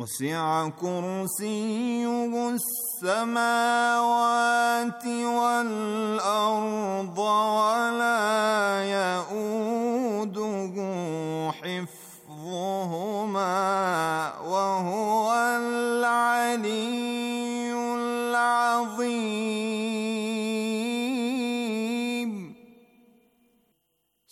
وسع كرسيه السماوات والارض ولا يئوده حفظهما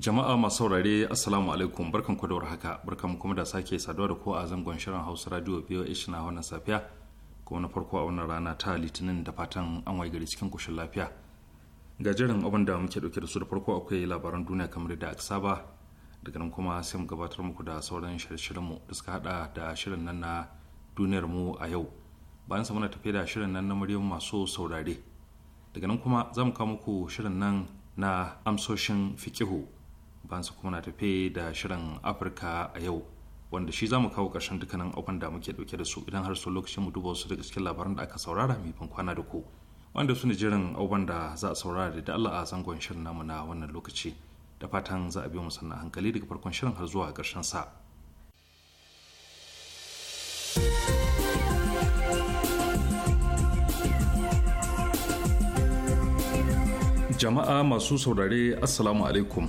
jama'a masu saurare assalamu alaikum barkan ku da haka barkan kuma da sake saduwa da ku a zangon shirin hausa radio biyo na wannan safiya kuma na farko a wannan rana ta litinin da fatan an waye gari cikin kushin lafiya ga jiran abin da muke dauke da su da farko akwai labaran duniya kamar da aka saba daga nan kuma sai mu gabatar muku da sauran shirye mu da suka hada da shirin nan na duniyar mu a yau bayan sa muna tafiya da shirin nan na muryar masu saurare daga nan kuma za mu kawo muku shirin nan na amsoshin fikihu bansu kuma na tafe da shirin afirka a yau wanda shi zamu kawo ƙarshen dukkanin abin da muke dauke da su idan har so lokacin mu duba wasu daga cikin labaran da aka saurara mai ban kwana da ku wanda su ne jiran abin da za a saurara da Allah a zangon shirin namu na wannan lokaci da fatan za a biyo mu sannan hankali daga farkon shirin har zuwa ƙarshen sa jama'a masu saurare assalamu alaikum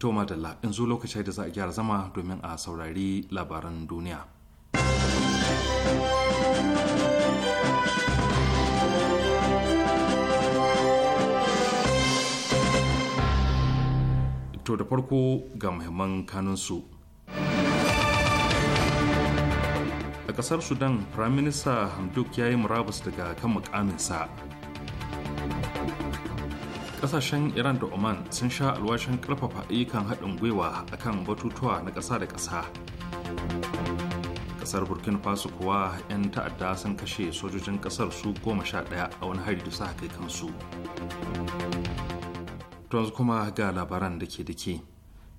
to madalla yanzu lokaci da za a gyara zama domin a saurari labaran duniya to da farko ga muhimman kanunsu a kasar sudan firaminista hamduk ya yi murabus daga kan mukaminsa kasashen iran da oman sun sha alwashin karfafa ayyukan haɗin gwiwa a kan batutuwa na ƙasa da ƙasa Ƙasar burkina faso kuwa 'yan ta'adda sun kashe sojojin ƙasar su goma sha ɗaya a wani hari da suka kai kansu yanzu kuma ga labaran da ke dake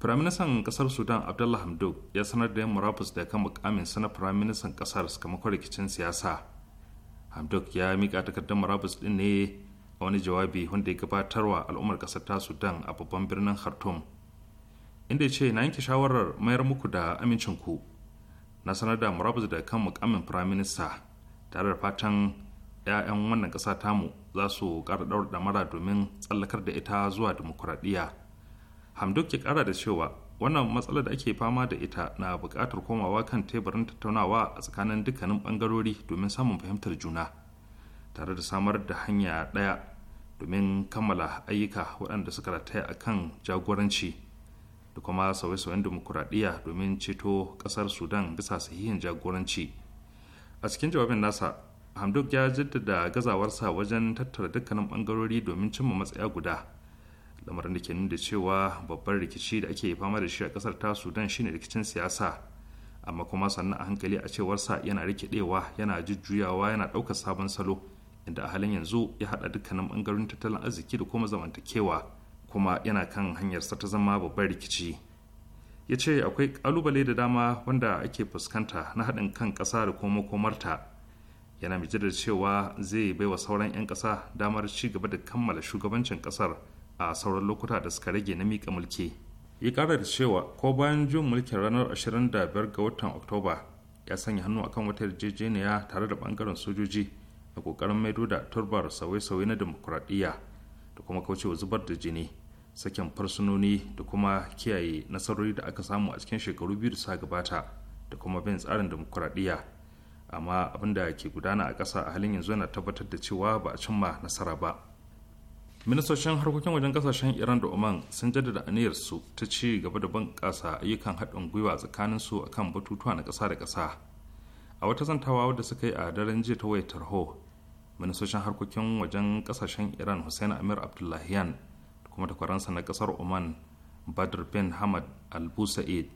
firaministan ƙasar sudan abdullah hamdok ya sanar da yan murabus da kan mukamin sana firaministan kasar sakamakon rikicin siyasa hamdok ya mika takardar murabus ɗin ne a wani jawabi wanda ya gabatarwa al'ummar kasar ta sudan a babban birnin khartoum inda ya ce na yanke shawarar mayar muku da amincinku na sanar da murabus da kan mukamin firaminista tare da fatan 'ya'yan wannan ƙasa tamu za su kara da ɗamara domin tsallakar da ita zuwa dimokuraɗiyya hamduk ya ƙara da cewa wannan matsalar da ake fama da ita na buƙatar komawa kan teburin tattaunawa a tsakanin dukkanin bangarori domin samun fahimtar juna tare da samar da hanya ɗaya domin kammala ayyuka waɗanda suka rataya a kan jagoranci da kuma sauye-sauyen demokuraɗiyya domin ceto ƙasar sudan bisa sahihin jagoranci a cikin jawabin nasa hamdok ya jaddada gazawarsa wajen tattara dukkanin ɓangarori domin cimma matsaya guda lamarin da ke nuna cewa babban rikici da ake fama da shi a ƙasar ta sudan shine rikicin siyasa amma kuma sannan a hankali a cewarsa yana rikidewa yana jujjuyawa yana ɗaukar sabon salo inda a halin yanzu ya haɗa dukkanin bangarorin tattalin arziki da kuma zamantakewa kuma yana kan hanyarsa ta zama babban rikici ya ce akwai ƙalubale da dama wanda ake fuskanta na haɗin kan ƙasa da kuma makomarta yana mai cewa zai baiwa sauran 'yan ƙasa damar ci gaba da kammala shugabancin ƙasar a sauran lokuta da suka rage na miƙa mulki ya ƙara da cewa ko bayan jin mulkin ranar 25 ga watan oktoba ya sanya hannu akan wata yarjejeniya tare da ɓangaren sojoji a kokarin maido da turbar sauye-sauye na demokuraɗiyya da kuma kaucewa zubar da jini sakin farsunoni da kuma kiyaye nasarori da aka samu a cikin shekaru biyu da sa gabata da kuma bin tsarin demokuraɗiyya amma abin da ke gudana a ƙasa a halin yanzu yana tabbatar da cewa ba a cimma nasara ba ministocin harkokin wajen kasashen iran da oman sun jaddada aniyarsu ta ci gaba da bunƙasa ayyukan haɗin gwiwa tsakaninsu akan batutuwa na ƙasa da ƙasa a wata zantawa wadda suka yi a daren jiya ta wayar tarho ministocin harkokin wajen kasashen iran hussein amir abdullahian da kuma takwaransa na kasar oman badr bin hamad al busaid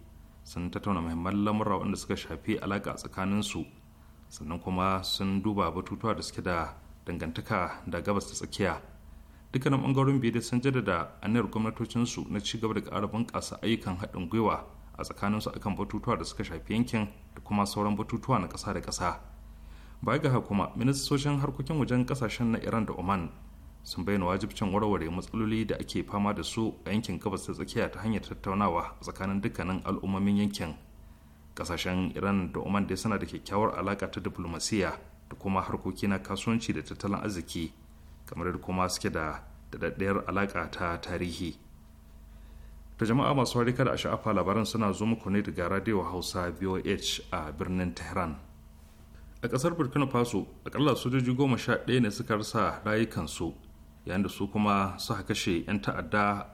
sun tattauna muhimman lamura wanda suka shafi alaƙa tsakaninsu sannan kuma sun duba batutuwa da suke da dangantaka da gabas ta tsakiya dukkanin bangarorin biyu sun jaddada aniyar gwamnatocinsu na ci gaba da ƙara bunƙasa ayyukan haɗin gwiwa a tsakanin tsakaninsu akan batutuwa da suka shafi yankin da kuma sauran batutuwa na kasa da kasa baya ga kuma ministocin harkokin wajen ƙasashen na iran da oman sun bayyana wajibcin warware matsaloli da ake fama da su a yankin gabas ta tsakiya ta hanyar tattaunawa tsakanin dukkanin al'ummomin yankin kasashen iran da oman dai suna da kyakkyawar alaka ta diplomasiya da kuma harkoki na kasuwanci da tattalin arziki kamar da kuma suke da daɗaɗɗiyar alaka ta tarihi ta jama'a masu harika da sha'afa labaran suna zo muku ne daga radio hausa voh a birnin tehran a kasar burkina faso akalla sojoji goma sha ɗaya ne suka rasa rayukansu yayin da su kuma suka kashe 'yan ta'adda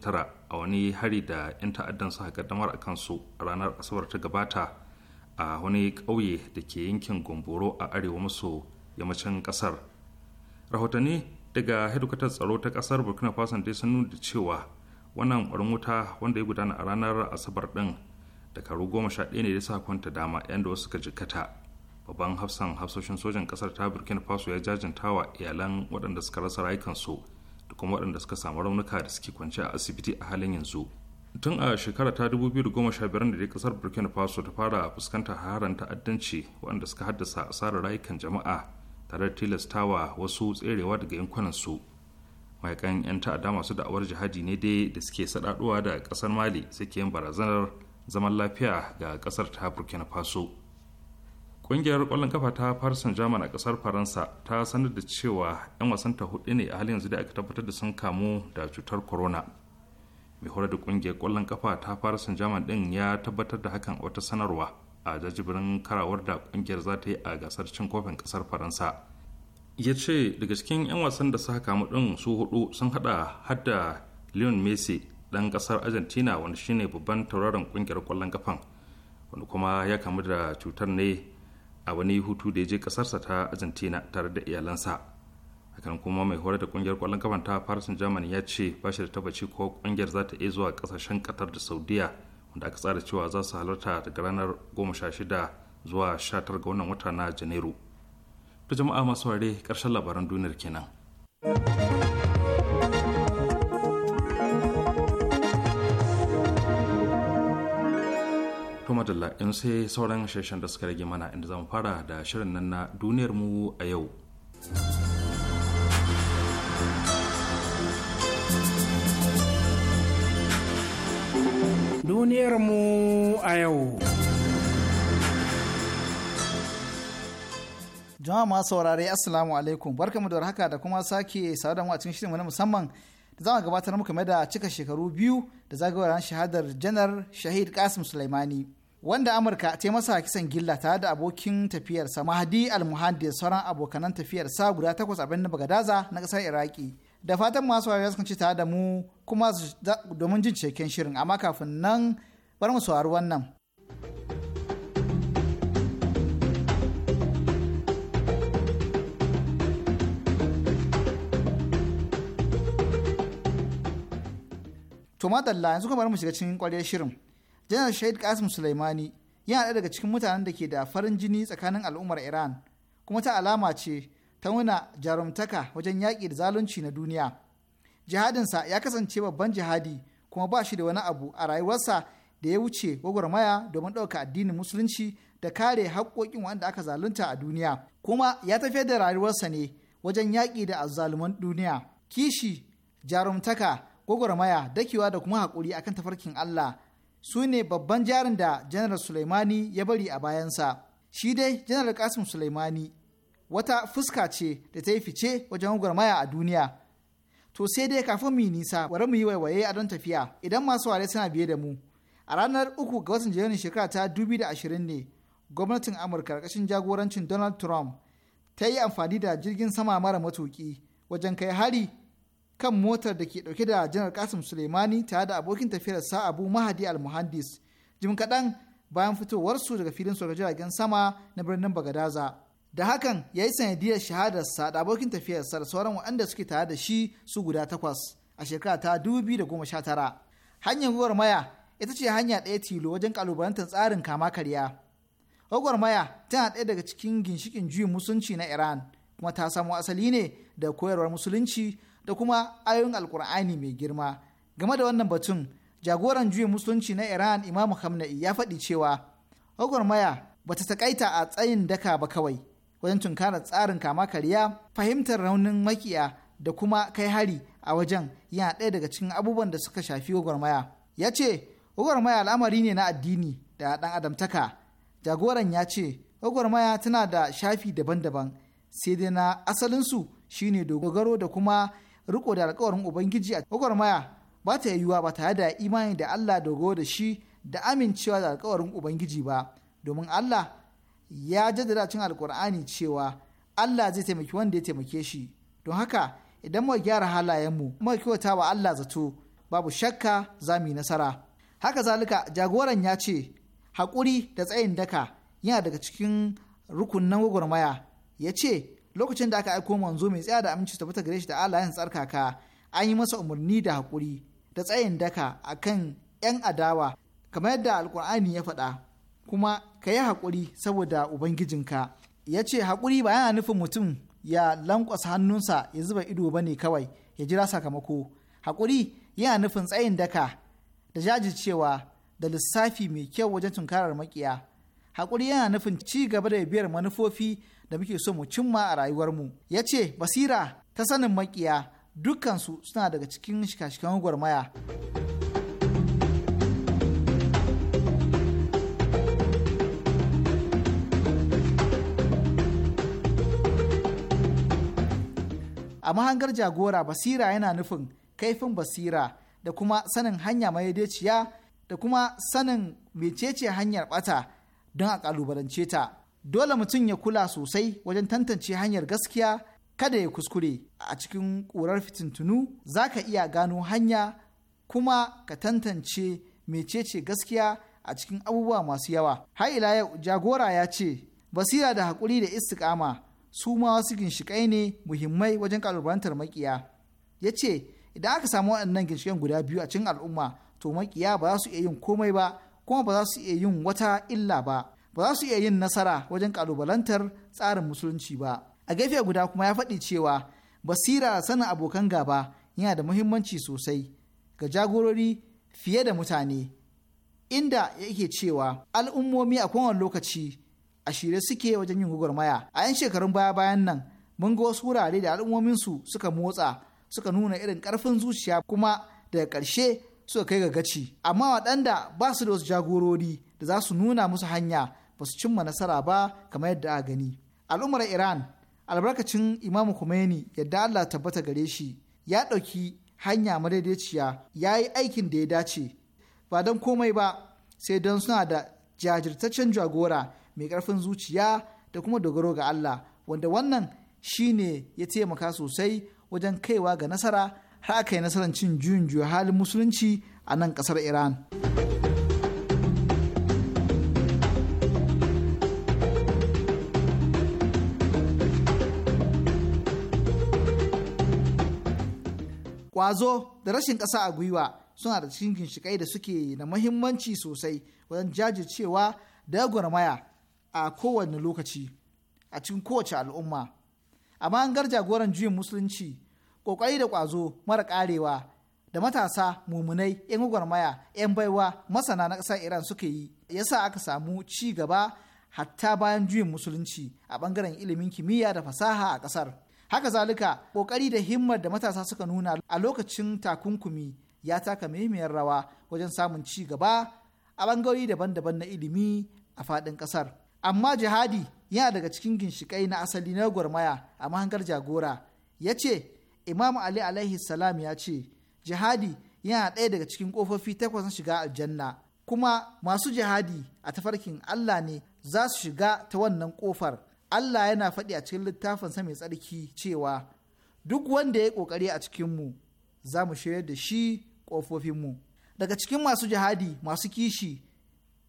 tara, a wani hari da 'yan ta'addan suka kaddamar a kansu a ranar asabar ta gabata a wani ƙauye da ke yankin gomboro a arewa maso yammacin ƙasar rahotanni daga hedikwatar tsaro ta ƙasar burkina faso dai sun nuna cewa wannan barin wuta wanda ya gudana a ranar asabar din dakaru goma sha ɗaya ne da sa kwanta dama yan da wasu ka jikkata babban hafsan hafsoshin sojan kasar ta burkina faso ya jajanta wa iyalan waɗanda suka rasa rayukansu da kuma waɗanda suka samu raunuka da suke kwance a asibiti a halin yanzu tun a shekara ta 2015 da dai kasar burkina faso ta fara fuskantar haran ta'addanci waɗanda suka haddasa asarar rayukan jama'a tare da tilastawa wasu tserewa daga yankunansu su mayakan 'yan ta'adda masu da'awar jihadi ne dai da suke sadaduwa da kasar mali suke yin barazanar zaman lafiya ga ƙasar ta burkina faso ƙungiyar ƙwallon kafa ta farsan jaman a ƙasar faransa ta sanar da cewa 'yan wasanta hudu ne a halin yanzu da aka tabbatar da sun kamu da cutar corona mai horar da ƙungiyar ƙwallon kafa ta farsan jaman ɗin ya tabbatar da hakan wata sanarwa a jajibirin karawar da ƙungiyar za ta yi a gasar cin kofin ƙasar faransa ya ce daga cikin 'yan wasan da suka kamu ɗin su hudu sun hada hadda leon messi dan ƙasar argentina wanda shine babban tauraron ƙungiyar kwallon kafan wanda kuma ya kamu da cutar ne a wani hutu da ya je ƙasarsa ta argentina tare da iyalansa hakan kuma mai horar da ƙungiyar ƙwallon kafan ta paris germany ya ce ba da tabbaci ko kungiyar za ta iya zuwa kasashen qatar da saudiya wanda aka tsara cewa za su halarta daga ranar 16 zuwa 19 ga wannan wata na janairu da jama'a masu ware ƙarshen labaran duniyar kenan. Tuma madalla in sai sauran shirshen da suka rage mana inda zamu fara da shirin nan na duniyar mu a yau. Duniyar mu a yau. jama'a masu saurare assalamu alaikum barkamu da warhaka da kuma sake saduwa mu a cikin shirin na musamman da za mu gabatar muku mai da cika shekaru biyu da zagayowar shahadar janar shahid kasim sulaimani wanda amurka ta masa kisan gilla tare da abokin tafiyarsa mahadi almuhadi da sauran abokanan sa guda takwas a birnin bagadaza na kasar iraki da fatan masu wayo sun ci tare da mu kuma domin jin cikin shirin amma kafin nan bar mu saurari wannan. to madalla yanzu kuma bari mu shiga cikin kwaryar shirin janar shahid kasim sulaimani yana ɗaya daga cikin mutanen da ke da farin jini tsakanin al'ummar iran kuma ta alama ce ta nuna jarumtaka wajen yaƙi da zalunci na duniya jihadinsa ya kasance babban jihadi kuma ba shi da wani abu a rayuwarsa da ya wuce gwagwarmaya domin ɗauka addinin musulunci da kare haƙƙoƙin wanda aka zalunta a duniya kuma ya tafiyar da rayuwarsa ne wajen yaƙi da azzaluman duniya kishi jarumtaka gwagwarmaya dakewa da kuma haƙuri akan tafarkin Allah su ne babban jarin da janar Sulaimani ya bari a bayansa shi dai janar Kasim Sulaimani wata fuska ce da ta yi fice wajen gwagwarmaya a duniya to sai dai kafin mu yi nisa bari mu yi waiwaye a don tafiya idan masu ware suna biye da mu a ranar uku ga watan janairun shekara ta dubi da ashirin ne gwamnatin amurka ƙarƙashin jagorancin donald trump ta yi amfani da jirgin sama mara matuƙi wajen kai hari kan motar da ke dauke da janar kasim suleimani tare da abokin tafiyarsa abu mahadi almuhandis jim kaɗan bayan fitowarsu daga filin soja jiragen sama na birnin bagadaza da hakan ya yi sanadiyar shahadarsa da abokin tafiyarsa da sauran waɗanda suke tare da shi su guda takwas a shekara ta da goma sha tara. hanyar maya ita ce hanya ɗaya tilo wajen kalubalantar tsarin kama karya maya tana ɗaya daga cikin ginshikin juyin musulunci na iran kuma ta samo asali ne da koyarwar musulunci da kuma ayoyin alkur'ani mai girma game da wannan batun jagoran juyin musulunci na iran imamu hamna'i ya faɗi cewa maya ba ta takaita a tsayin daka ba kawai wajen tunkarar tsarin kama karya fahimtar raunin makiya da kuma kai hari a wajen yana ɗaya daga cikin abubuwan da suka shafi gwagwarmaya ya ce gwagwarmaya al'amari ne na addini da ɗan adamtaka jagoran ya ce gwagwarmaya tana da shafi daban-daban sai dai na asalinsu shine dogaro da kuma riko da alkawarin ubangiji a gwagwarmaya ba ta yiwuwa ba tare da imani da Allah dogo da shi da amincewa da alkawarin ubangiji ba domin Allah ya jaddada cin alkur'ani cewa Allah zai taimaki wanda ya taimake shi don haka idan mu gyara halayenmu mu kyauta wa Allah zato babu shakka za mu yi nasara haka zalika jagoran ya ce haƙuri da tsayin daka yana daga cikin rukunin gwagwarmaya ya ce lokacin da aka aiko manzo mai tsaya da aminci ta gare shi da alayen tsarkaka an yi masa umarni da hakuri da tsayin daka a kan 'yan adawa kamar yadda alkur'ani ya faɗa kuma ka yi haƙuri saboda ubangijinka ya ce hakuri ba yana nufin mutum ya lankwasa hannunsa ya zuba ido ba ne kawai ya jira sakamako haƙuri yana nufin tsayin daka da jajircewa da lissafi mai kyau wajen tunkarar makiya hakuri yana nufin ci gaba da biyar manufofi da muke so mu cimma a rayuwarmu ya ce basira ta sanin makiya dukkansu suna daga cikin shika gwarmaya. a mahangar jagora basira yana nufin kaifin basira da kuma sanin hanya mai da kuma sanin mecece hanyar bata don a kalubalance ta dole mutum ya kula sosai wajen tantance hanyar gaskiya kada ya kuskure a cikin ƙurar fitintunu za ka iya gano hanya kuma ka tantance mecece gaskiya a cikin abubuwa masu yawa har ila yau jagora ya ce basira da haƙuri da istiƙama su ma wasu ginshiƙai ne muhimmai wajen kalubalantar makiya ya ce idan aka samu waɗannan ginshiƙan guda biyu a cikin al'umma to maƙiya ba za su iya yin komai ba kuma ba za su iya yin wata illa ba ba za su iya yin nasara wajen kalubalantar tsarin musulunci ba a gefe guda kuma ya faɗi cewa basira sanin abokan gaba yana da muhimmanci sosai ga jagorori fiye da mutane inda yake cewa al'ummomi a kowane lokaci a shirye suke wajen yin gwagwarmaya a yan shekarun baya bayan nan mun ga wasu wurare da al'ummominsu suka motsa suka nuna irin ƙarfin zuciya kuma daga ƙarshe suka kai ga gaci amma waɗanda ba su da wasu jagorori da za su nuna musu hanya ba su cimma nasara ba kamar yadda a gani al'ummar iran albarkacin imamu khomeini yadda allah tabbata gare shi ya ɗauki hanya madaidaiciya ya yi aikin da ya dace ba don komai ba sai don suna da jajirtaccen jagora mai ƙarfin zuciya da kuma dogaro ga allah wanda wannan shine ya taimaka sosai wajen kaiwa ga nasara har aka yi nasarar cin juyin juya halin musulunci a nan kasar iran kwazo da rashin ƙasa a gwiwa suna da cikin ginshiƙai da suke na mahimmanci sosai wajen jajircewa da gwarmaya a kowane lokaci a cikin kowace al'umma amma an garja jagoran juyin musulunci ƙoƙari da ƙwazo mara ƙarewa da matasa mumunai 'yan gwagwarmaya 'yan baiwa masana na ƙasar iran suka yi yasa aka samu ci gaba hatta bayan juyin musulunci a ɓangaren ilimin kimiyya da fasaha a ƙasar haka zalika ƙoƙari da himmar da matasa suka nuna a lokacin takunkumi ya taka muhimmiyar rawa wajen samun ci gaba a ɓangarori daban-daban na ilimi a faɗin ƙasar amma jihadi yana daga cikin ginshiƙai na asali na gwarmaya a mahangar jagora ya ce imam ali alaihi salam ya ce jihadi yana ɗaya daga cikin ƙofofi takwas na shiga aljanna kuma masu jihadi a tafarkin allah ne za su shiga ta wannan ƙofar allah yana faɗi a cikin sa mai tsarki cewa duk wanda ya ƙoƙari a cikinmu za mu shirya da shi ƙofofinmu daga cikin masu jihadi masu kishi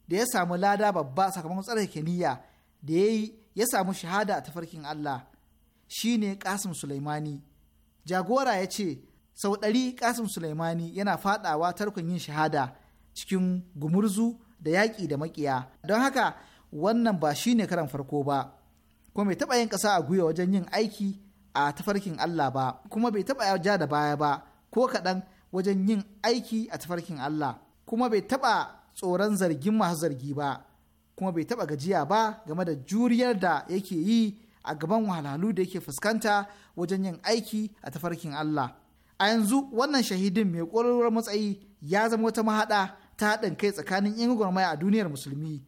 da ya samu lada babba sakamakon tsarkake niyya da ya yi ya samu shahada a tafarkin allah shine kasim sulaimani jagora ya ce sau ɗari kasim sulaimani yana fadawa tarkon yin shahada cikin gumurzu da yaƙi da maƙiya don haka wannan ba shi ne karan farko ba kuma bai taɓa yin ƙasa a gwiwa wajen yin aiki a tafarkin Allah ba kuma bai taɓa ja da baya ba ko kaɗan wajen yin aiki a tafarkin Allah kuma bai taɓa tsoron zargin masu zargi ba kuma bai taɓa gajiya ba game da juriyar da yake yi a gaban wahalhalu da yake fuskanta wajen yin aiki a tafarkin Allah. A yanzu wannan shahidin mai ƙwararwar matsayi ya zama wata mahaɗa ta haɗin kai tsakanin 'yan gwarmaya a duniyar musulmi.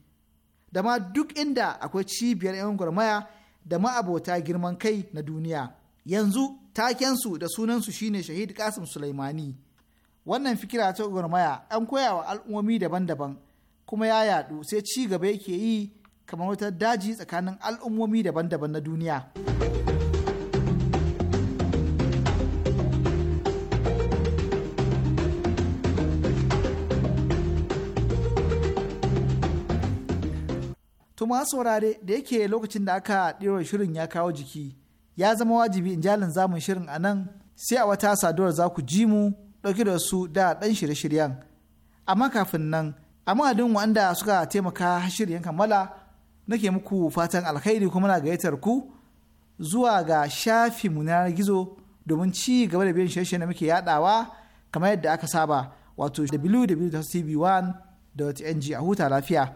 Da ma duk inda akwai cibiyar 'yan gwarmaya da ma'abota girman kai na duniya. Yanzu takensu da sunansu shine shahid Kasim Sulaimani. Wannan fikira ta gwagwarmaya an koya wa al'ummomi daban-daban kuma ya yaɗu sai ci gaba yake yi kamar wata daji tsakanin al'ummomi daban-daban na duniya. Tuma saurare da yake lokacin da aka ɗiro shirin ya kawo jiki ya zama wajibi in jalin zamun shirin a nan sai a wata saduwar za ku ji mu ɗauki da su da ɗan shirye-shiryen. Amma kafin nan, a madadin wanda suka taimaka shirin kammala nake muku fatan alkhairi kuma na gayyatar ku zuwa ga shafinmu na gizo domin ci gaba da biyan shirye da muke yadawa kamar yadda aka saba wato www.tv1.ng a huta lafiya.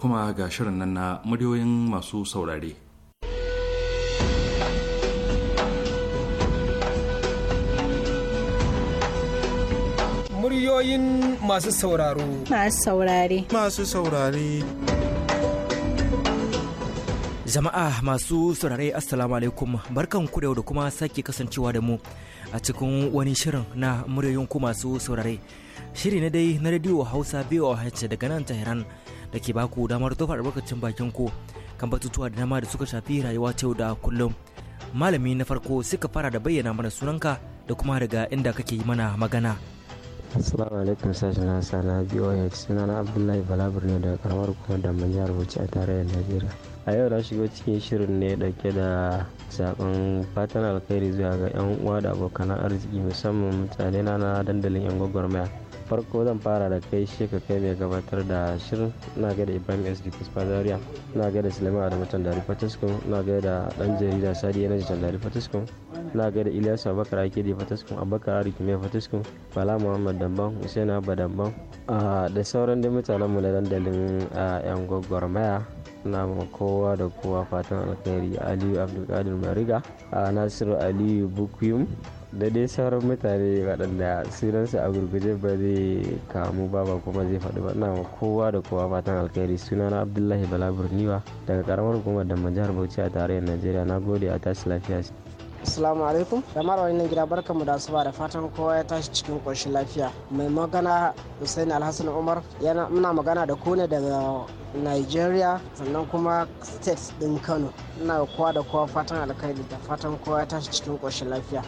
kuma ga shirin nan na muryoyin masu saurare. Muryoyin masu sauraro. Masu saurare. Masu saurare. Jama'a masu saurare Assalamu alaikum barkan ku da kuma sake kasancewa da mu a cikin wani shirin na muryoyin ku masu saurare. Shiri na dai na radio Hausa hace daga nan Tehran da ke baku damar tofa albarkacin bakin ku kan batutuwa da dama da suka shafi rayuwa ta da kullum. Malami na farko suka fara da bayyana mana sunanka da kuma daga inda kake yi mana magana. Assalamu alaikum sashen Hausa na suna sunana Abdullahi Balabur ne daga karamar hukumar da jihar Bauchi a tarayyar Najeriya. A yau na shigo cikin shirin ne dauke da zaben fatan alkhairi zuwa ga 'yan uwa da abokan arziki musamman mutane na na dandalin 'yan gwagwarmaya. farko zan fara da kai shi ka kai mai gabatar da shirin na gaida ibrahim S di kuspadariya na gaida sulaiman adamu tandari fataskun na gaida dan jarida sadi yanaji tandari fataskun na gaida Iliyasu abakar ake da fataskun abakar ariki mai fataskun bala muhammad damban hussein abba damban da sauran da mutanen mu da dandalin yan maya na kowa da kowa fatan alkhairi aliyu abdulkadir mariga nasiru aliyu bukuyum da dai sauran mutane waɗanda sunansu a gurguje ba zai kamu ba ba kuma zai faɗi ba ina ma kowa da kowa fatan alkhairi na abdullahi bala burniwa daga karamar hukumar da jihar bauchi a tarayyar najeriya na gode a tashi lafiya Assalamu alaikum. jama'ar wannan gida barkanmu da asuba da fatan kowa ya tashi cikin ƙoshin lafiya. Mai magana Hussein Alhassan Umar yana muna magana da ku daga Nigeria sannan kuma state din Kano. Ina kowa da kowa fatan alkhairi da fatan kowa ya tashi cikin ƙoshin lafiya.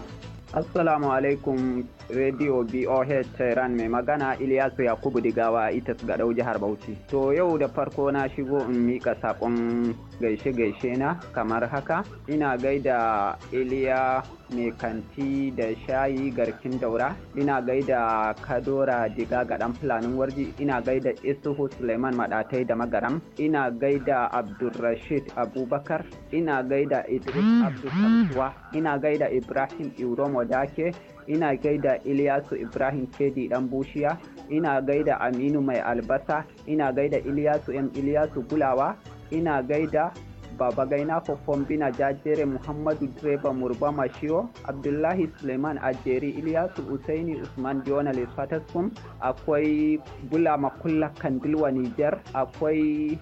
Assalamu alaikum Radio BOH Tehran mai magana Ilyasu Yakubu Digawa Itas Gadau jihar Bauchi. To yau da farko na shigo in mika saƙon gaishe-gaishe na kamar haka ina gaida iliya mai kanti da shayi garkin daura ina gaida kadora diga gaɗan fulanin warji ina gaida isuhu suleiman maɗatai da magaram ina gaida abdulrashid abubakar ina gaida idris hmm, abdul hmm. ina gaida ibrahim iromo dake ina gaida Iliyasu Ibrahim Kedi dan Bushiya, ina gaida Aminu Mai Albasa, ina gaida Iliyasu M Iliyasu Gulawa, ina gaida baba gaina fofon bina jajere muhammadu direba murba mashiyo abdullahi suleiman ajeri iliyasu usaini usman diona lesfataskum akwai bula makulla kandilwa nijar akwai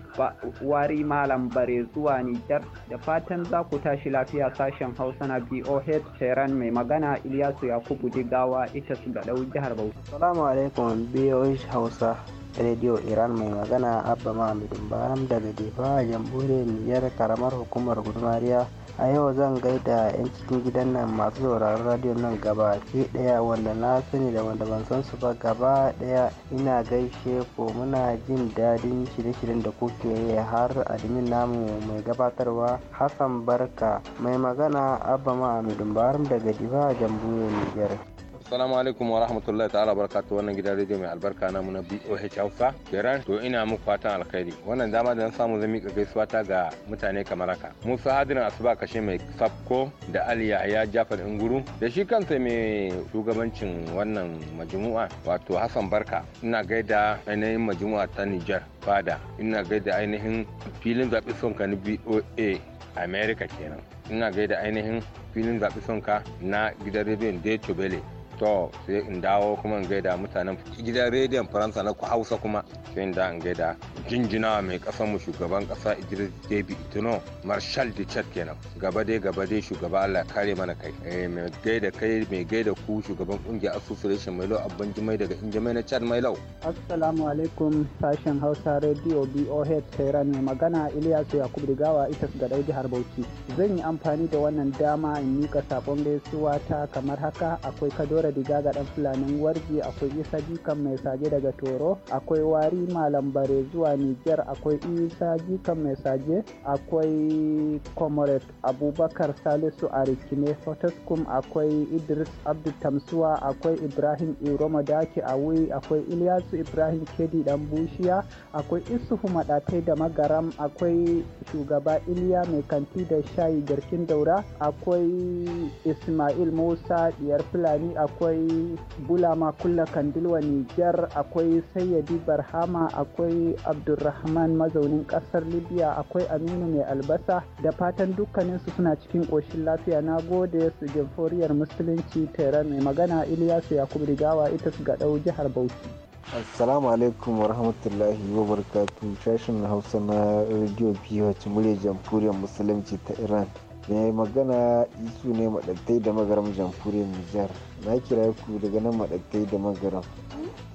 wari malam bare zuwa nijar da fatan za ku tashi lafiya sashen hausa na boh tehran mai magana iliyasu yakubu digawa ita su ga jihar bauchi assalamu alaikum boh hausa rediyo iran mai magana abba mahamudin baram daga jefa jamhuriyar niyyar karamar hukumar gudumariya a yau zan gaida 'yan cikin gidan nan masu sauraron radiyon nan gaba ke daya wanda na sani da wanda ban san su ba gaba daya ina gaishe ko muna jin daɗin shirye-shiryen da kuke yi har admin namu mai gabatarwa hassan barka mai magana abba mahamudin baram daga jefa jamhuriyar niyyar Assalamu alaikum wa rahmatullahi ta'ala barakatu wannan gidan rediyo mai albarka namu na BOH Hausa. Iran to ina muku fatan alkhairi. Wannan dama da na samu zan mika gaisuwa ta ga mutane kamar haka. Musa Hadirin Asuba kashe mai Sapko da Ali Yahya Jafar Inguru da shi kansa mai shugabancin wannan majmu'a wato Hassan Barka. Ina gaida ainihin majmu'a ta Niger Fada. Ina gaida ainihin filin zaɓi son ka ni BOA America kenan. Ina gaida ainihin filin zaɓi son ka na gidan rediyon Deutsche Welle. to sai in dawo kuma in gaida mutanen gidan rediyon faransa na ku hausa kuma sai in da in gaida jinjina mai kasan mu shugaban kasa idris debi itino marshal de chad kenan gaba dai gaba dai shugaba allah kare mana kai eh, mai gaida kai mai gaida ku shugaban kungiyar association mai lau abban jimai daga injimai na chad mai lau assalamu alaikum sashen hausa radio boh tehran mai magana iliyasu yakub rigawa ita su gadau jihar bauchi zan yi amfani da wannan dama in mika sakon gaisuwa ta kamar haka akwai kadori. Kadora Diga ga ɗan Fulanin Warji akwai Isa Jikan mai saje daga Toro akwai Wari Malam Bare zuwa Niger akwai Isa Jikan mai saje akwai Comrade Abubakar Salisu a Rikine Fotoskum akwai Idris Abdu Tamsuwa akwai Ibrahim Iroma Daki Awi akwai Ilyasu Ibrahim Kedi Dan Bushiya akwai Isuhu Madatai da Magaram akwai shugaba Iliya mai kanti da shayi garkin daura akwai Ismail Musa diyar Fulani akwai akwai bulama kulla kandilwa nijar akwai sayyadi barhama akwai abdulrahman mazaunin kasar libya akwai aminu mai albasa da fatan dukkaninsu suna cikin koshin lafiya na gode su jamforiyar musulunci tare mai magana iliyasu yakubu rigawa ita su ga jihar bauchi assalamu alaikum wa rahmatullahi wa wabarakatuh sashen hausa na radio bh murya jamhuriyar musulunci ta iran mai magana isu ne maɗattai da magaram jamhuriyar nijar na kira ku daga nan maɗattai da magaram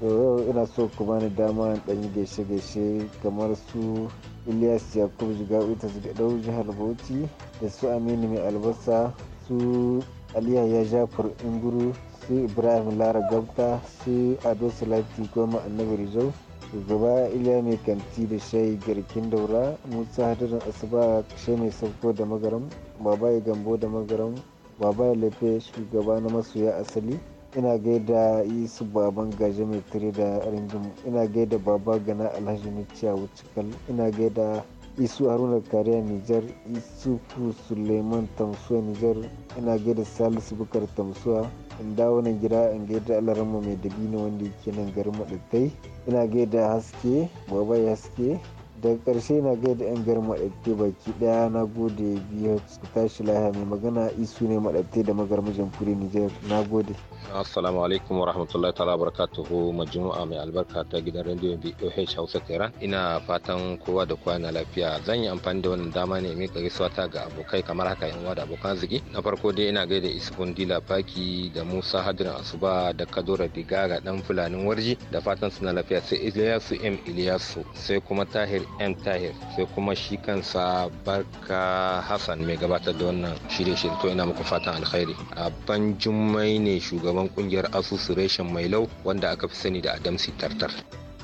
yau ina so ku bani dama ɗan gaishe-gaishe kamar su ilyas yakub su ta ɗau jihar bauchi da su aminu mai albasa su aliyah ya jafar inguru su ibrahim lara gabta su ado salati goma annabi rizau shugaba iliya mai kanti da shayi garkin daura musa hadarin asuba kashe mai sauko da magaram babaye gambo da magaram babaye lefe shugaba na masoya asali ina gaida isu baban gaje mai tire da ringin ina gaida baba gana alhaji nuciya wucikal ina gaida isu haruna kariya nijar isufu suleiman tamsuwa nijar ina gaida salisu bukar tamsuwa in dawo nan gida in gaida mu mai dabino wanda yake nan garin mu maɗattai ina gaida haske babai haske da karshe na da yan biyar maɗabte baki ɗaya na gode biyu su tashi lahiya mai magana isu ne maɗabte da magarmu jamhuriyar nijar na gode assalamu alaikum wa rahmatullahi ta'ala barakatuhu majmu'a mai albarka ta gidan rediyon BOH Hausa Tehran ina fatan kowa da kowa na lafiya zan yi amfani da wannan dama ne mai gaisuwa ta ga abokai kamar haka yan uwa da abokan ziki na farko dai ina da isu Dila Faki da Musa Hadirin Asuba da Kadora Digaga dan fulanin warji da fatan suna lafiya sai Iliyasu M Iliyasu sai kuma Tahir m tahir sai kuma shi kansa barka hassan mai gabatar da wannan shirye shirye to ina muku fatan alkhairi a ban jummai ne shugaban kungiyar asusu reshen mai lau wanda aka fi sani da adamsi tartar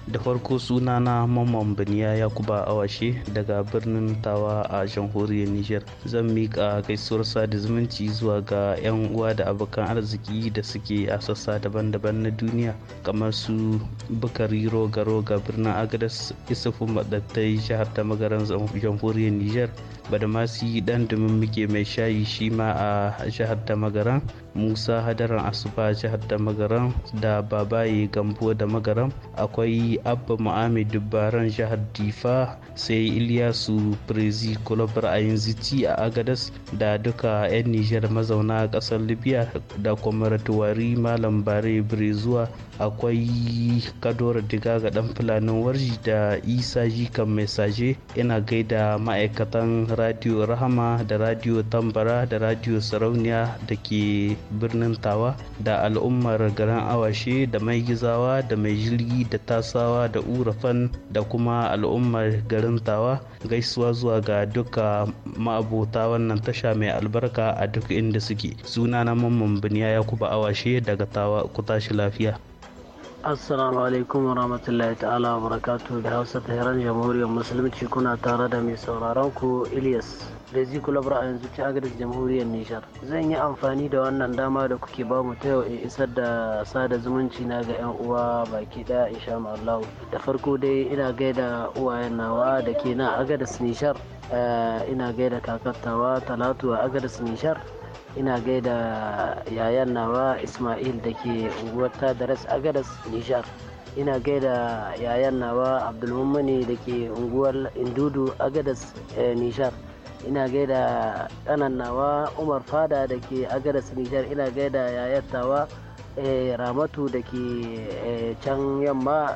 da farko sunana mamman biniya yakuba awashe daga birnin tawa a jamhuriyar niger zan miƙa gaisuwar sada zumunci zuwa ga 'yan uwa da abokan arziki da suke a sassa daban-daban na duniya kamar su bukari roga roga birnin agadas isufin madattai jihar ta magaran jamhuriyar niger badamasi dan dumin muke mai shayi shi ma a jihar damagaran musa hadaran asuba jihar da da babaye gambo da magaran akwai abba mu'ami dubbaran jihar difa sai iliyasu prezi kulabar a ziti a agadas da duka 'yan nijar mazauna kasar libya da ratuwari malam bare brezuwa akwai kadora diga ga dan fulanin warji da isa jikan mai saje ina gaida ma'aikatan radio rahama da radio tambara da radio sarauniya da ke birnin tawa da al'ummar garin awashe da mai gizawa da mai jirgi da tasawa da urafan da kuma al'ummar garin tawa gaisuwa zuwa ga duka ma'abota wannan tasha mai albarka a duk inda suke sunana mamman biniya yakuba awashe daga tawa ku tashi lafiya assalamu alaikum wa rahmatullahi ta'ala wa barakatuhu da hausa ta heran jamhuriyar musulunci kuna tare da mai sauraron ku ilyas Rezi a yanzu zuci agadis jamhuriyar nishar Zan yi amfani da wannan dama da kuke ba mu ta yau in isar da sada zumunci na ga 'yan uwa baki daya insha Allah. Da farko dai ina gaida uwayen nawa da ke na agadis nishar eh, ina gaida kakattawa talatu a agadis nishar. ina gaida yayan nawa ismail da ke unguwar tadaras agadas nijar ina gaida yayan nawa abdulmumani da ke unguwar indudu agadas eh, nijar ina gaida kanan nawa umar fada da ke agadas nijar ina gaida yayan tawa eh, ramatu da ke eh, can yamma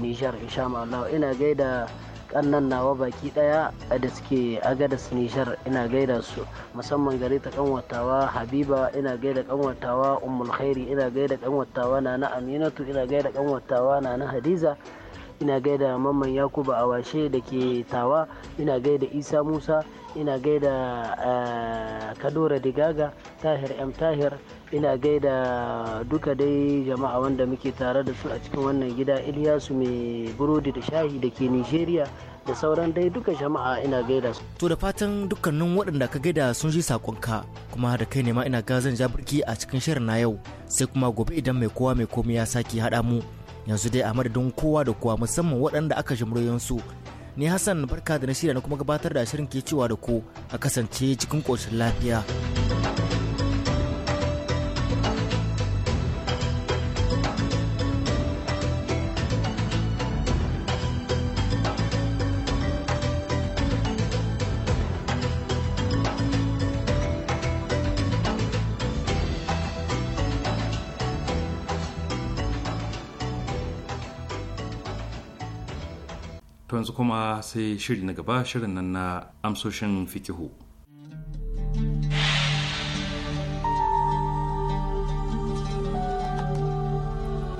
nijar insha Allah ina gaida kannan nawa baki daya da suke agadas nishar ina gaida su musamman gare ta kanwatawa habiba ina gaida kanwatawa umul khairi ina gaida kanwatawa na na aminatu ina gaida kanwatawa na na hadiza ina gaida mamman yakuba awashe da ke tawa ina gaida isa musa ina gaida eh, kadora digaga tahir m tahir ina gaida duka dai jama'a wanda muke tare da su a cikin wannan gida iliyasu mai burodi da shahi da ke nigeria da sauran dai duka jama'a ina gaida su. To da fatan dukkanin waɗanda ka gaida sun ji sakonka kuma da kai ne ma ina gazan zan birki a cikin shirin na yau sai kuma gobe idan mai kowa mai komai ya sake haɗa mu yanzu dai a madadin kowa da kowa musamman waɗanda aka su ni hassan barka da na shirya na kuma gabatar da shirin ke cewa da ku a kasance cikin ƙoshin lafiya to yanzu kuma sai shiri na gaba shirin nan na amsoshin fikihu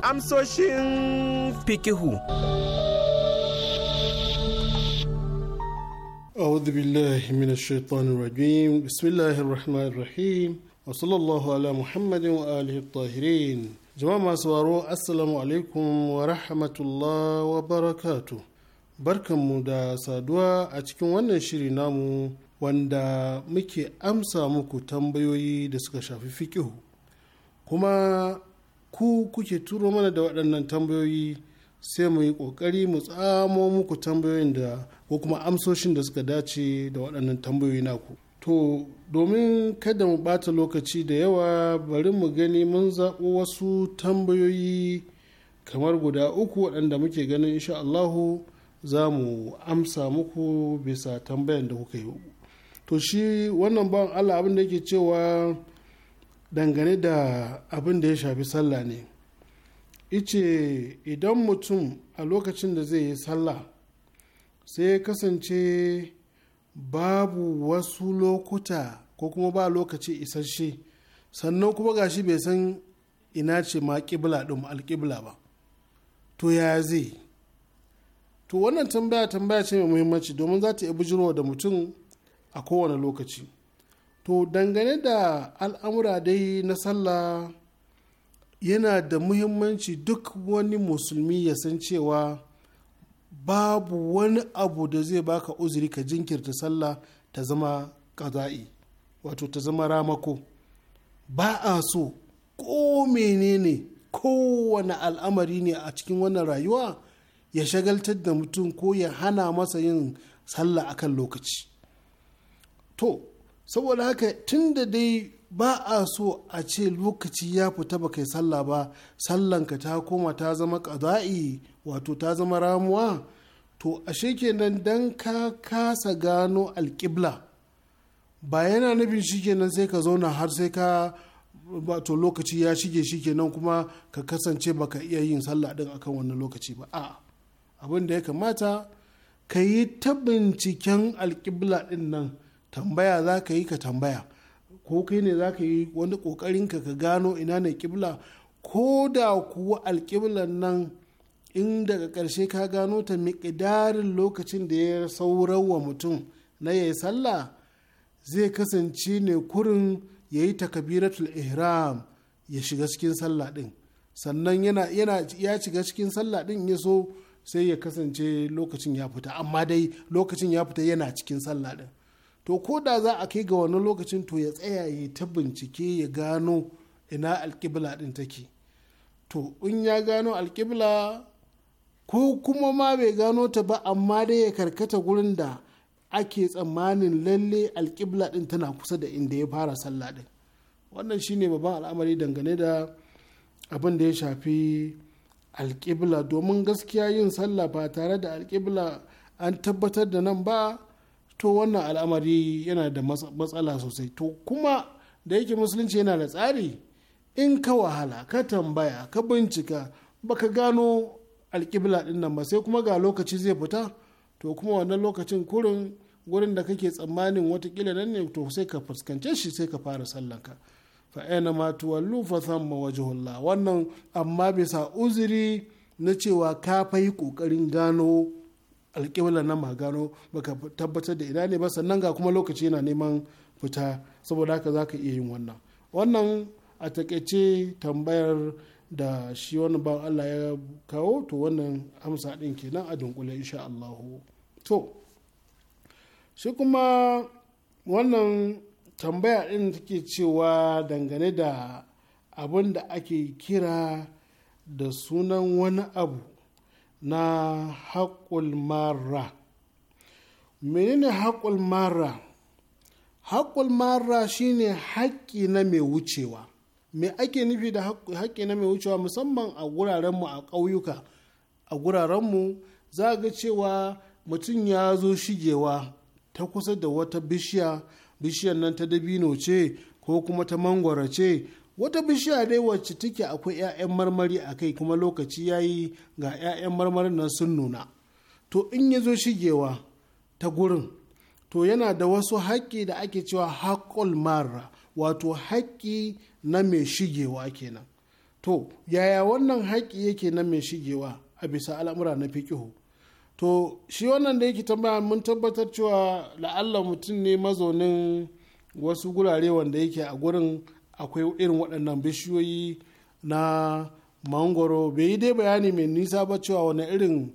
amsoshin fikihu أعوذ بالله من الشيطان الرجيم بسم الله الرحمن الرحيم وصلى الله على محمد وآله الطاهرين جماعة سوارو السلام عليكم ورحمة الله وبركاته barkanmu da saduwa a cikin wannan shiri namu wanda muke amsa muku tambayoyi da suka shafi fikihu kuma ku kuke turo mana da waɗannan tambayoyi sai mu yi ƙoƙari mu tsamo muku tambayoyin da ko kuma amsoshin da suka dace da waɗannan tambayoyi naku to domin kada mu ɓata lokaci da yawa bari mu gani mun zaɓo wasu tambayoyi kamar guda uku waɗanda muke ganin insha'Allahu. za mu amsa muku bisa tambayan da kuka yi to shi wannan ban allah abin da yake cewa dangane da abin da ya shafi sallah ne ice idan mutum a lokacin da zai yi sallah sai kasance babu wasu lokuta ko kuma ba lokaci isasshe sannan kuma gashi bai san ina ce ma kibla ɗin alkibla ba to ya zai to wannan tambaya tambaya ce mai muhimmanci domin za ta iya bujirwa da mutum a kowane lokaci to dangane da al'amura dai na sallah yana da muhimmanci duk wani musulmi ya san cewa babu wani abu da zai baka uzuri ka jinkirta sallah ta zama kaza'i wato ta zama ramako ba a so ko menene kowane al'amari ne a cikin wannan rayuwa ya shagaltar da mutum ko ya hana masa yin sallah akan lokaci to saboda haka tun da dai ba a so a ce lokaci ya fita ba kai sallah ba sallanka ta koma ta zama ƙaza'i wato ta zama ramuwa to ashe nan don ka kasa gano alƙibla ba yana nufin shikenan sai ka zauna har sai ka to lokaci ya shige shikenan kuma ka kasance baka iya yin sallah din akan wannan lokaci ba a'a abin da ya kamata ka yi ta binciken alƙibla ɗin nan tambaya za ka yi ka tambaya ko kai ne za ka yi wani ƙoƙarin ka ka gano ina ne ƙibla ko da kuwa alƙiblan nan in daga ƙarshe ka gano ta miƙidarin lokacin da ya saurar wa mutum na yayi sallah zai kasance ne kurin ya yi takabiratul ihram ya shiga cikin sallah ɗin sannan yana ya shiga cikin sallah ɗin ya so sai ya kasance lokacin ya fita amma dai lokacin ya fita yana cikin sallah din to ko da za a kai ga wani lokacin to ya tsaya ya ta bincike ya gano ina alkibla din take to in ya gano alkibla ko kuma ma bai gano ta ba amma dai ya karkata gurin da ake tsammanin lalle alkibla din tana kusa da inda ya fara sallah din wannan shine babban al'amari dangane da abin da ya shafi alƙibla domin gaskiya yin sallah ba tare da alƙibla an tabbatar da nan ba to wannan al'amari yana da matsala sosai to kuma da yake musulunci yana da tsari in ka wahala ka tambaya ka bincika baka gano alƙibla ɗin nan ba sai kuma ga lokaci zai fita to kuma wannan lokacin kurin gurin da kake tsammanin watakila nan ne to sai ka fuskance shi sai ka fara sallanka fa'ina ma tuwallu fa samma wajhullah wannan amma bisa uzuri na cewa ka fai kokarin gano alƙibla na magano baka tabbatar da ina ne ba sannan ga kuma lokaci yana neman fita saboda haka zaka iya yin wannan wannan a takaice tambayar da shi wani ban Allah ya kawo to wannan amsa din kenan a dunkule insha Allah to shi kuma wannan tambaya ɗin take cewa dangane da abin da ake kira da sunan wani abu na haƙulmara. menene haƙulmara? mara shine haƙƙi na mai wucewa me ake nufi da haƙƙi na mai wucewa musamman a gurarenmu a ƙauyuka a gurarenmu za ga cewa mutum ya zo shigewa ta kusa da wata bishiya bishiyar nan ta dabino ce ko kuma ta mangwara ce wata bishiya dai wacce take akwai 'ya'yan marmari a kai kuma lokaci ya yi ga 'ya'yan marmarin nan sun nuna to in ya zo shigewa ta gurin to yana da wasu haƙƙi da ake cewa haƙƙul mara wato haƙƙi na mai shigewa kenan to yaya wannan haƙƙi yake na mai shigewa a bisa al'amura na fikihu. to shi wannan da yake tambaya mun tabbatar cewa la'alla mutum ne mazaunin wasu gurare wanda yake a gurin akwai irin waɗannan bishiyoyi na mangoro bai yi dai bayani mai nisa ba cewa wani irin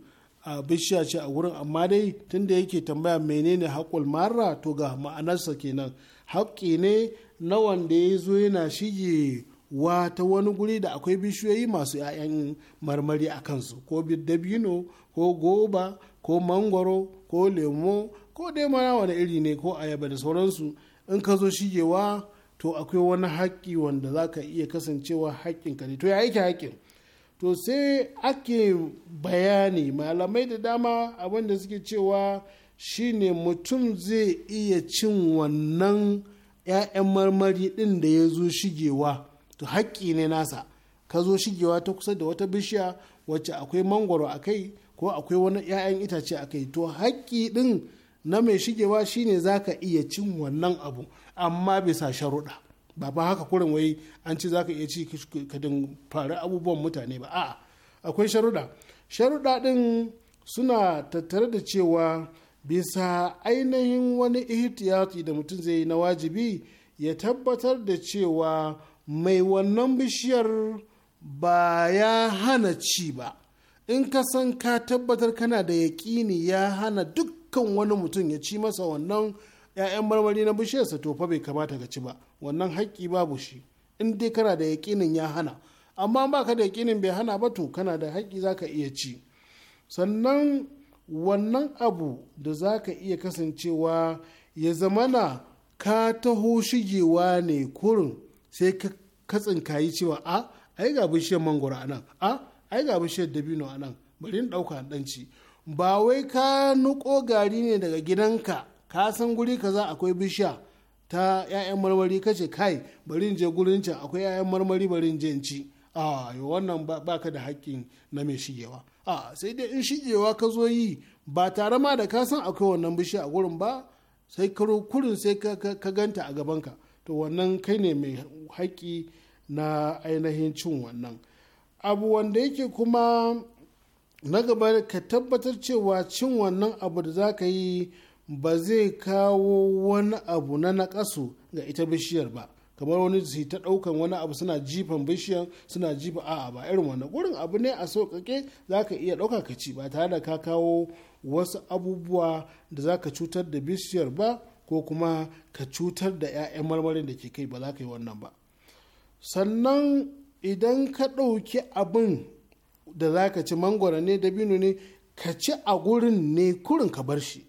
bishiya ce a gurin amma dai tunda yake tambaya menene haƙul mara to ga ma'anarsa kenan haƙƙi ne na wanda ya zo yana shige wa ta wani guri da akwai bishiyoyi masu 'ya'yan marmari a kansu ko dabino ko goba ko mangwaro ko lemo ko dai mara wani iri ne ko ayaba da sauransu in ka zo shigewa to akwai wani haƙƙi wanda za ka iya kasancewa haƙƙin ka ne to ya yake haƙƙin to sai ake bayani malamai da dama abinda suke cewa shine mutum zai iya cin wannan 'ya'yan marmari ɗin da ya zo shigewa to haƙƙi ne nasa ka zo shigewa ta kusa da wata bishiya wacce akwai mangwaro a kai ko akwai wani 'ya'yan itace a kai to haƙƙi ɗin na mai shigewa shine za ka iya cin wannan abu amma bisa sharuɗa ba ba haka kurin wai an ci za ka iya ci ka fara abubuwan mutane ba a'a akwai sharuɗa sharuɗa ɗin suna tattare da cewa bisa ainihin wani ihtiyati da mutum zai yi na wajibi ya tabbatar da cewa mai wannan bishiyar ba ya hana ci ba in ka san ka tabbatar kana da yaƙini ya hana dukkan wani mutum ya ci masa wannan 'ya'yan marmari na bishiyarsa to fa bai kamata ka ci ba wannan haƙƙi babu shi in dai kana da yaƙinin ya hana amma ba ka da yaƙinin bai hana ba to kana da haƙƙi za ka iya ci sannan wannan abu da za ka iya kasancewa ya zamana ka taho shigewa ne kurin sai ka katsin kayi cewa a ai ga bishiyar mangoro a nan a ai ga bishiyar dabino a nan bari in dauka dan ci ba wai ka nuko gari ne daga gidanka ka san guri kaza akwai bishiya ta 'ya'yan marmari kace kai bari in je gurin can akwai 'ya'yan marmari bari in je in ci a wannan ba ka da haƙƙin na mai shigewa a sai dai in shigewa ka zo yi ba tare ma da ka san akwai wannan bishiya a gurin ba sai karo kurin sai ka ganta a gabanka to wannan kai ne mai haƙƙi na ainihin cin wannan abu wanda yake kuma na gaba ka tabbatar cewa cin wannan abu da za ka yi ba zai kawo wani abu na naƙasu ga ita bishiyar ba kamar wani su ta ɗaukan wani abu suna jifan bishiyar suna jifa a'a ba irin wannan gurin abu ne a sauƙaƙe za ka iya ɗauka ka ci ba tare da ka kawo wasu abubuwa da za ka cutar da bishiyar ba ko kuma ka cutar da 'ya'yan marmarin da ke kai ba za ka yi wannan ba sannan idan ka ɗauki abin da za ka ci mangwara ne dabino ne ka ci a gurin ne kurin ka bar shi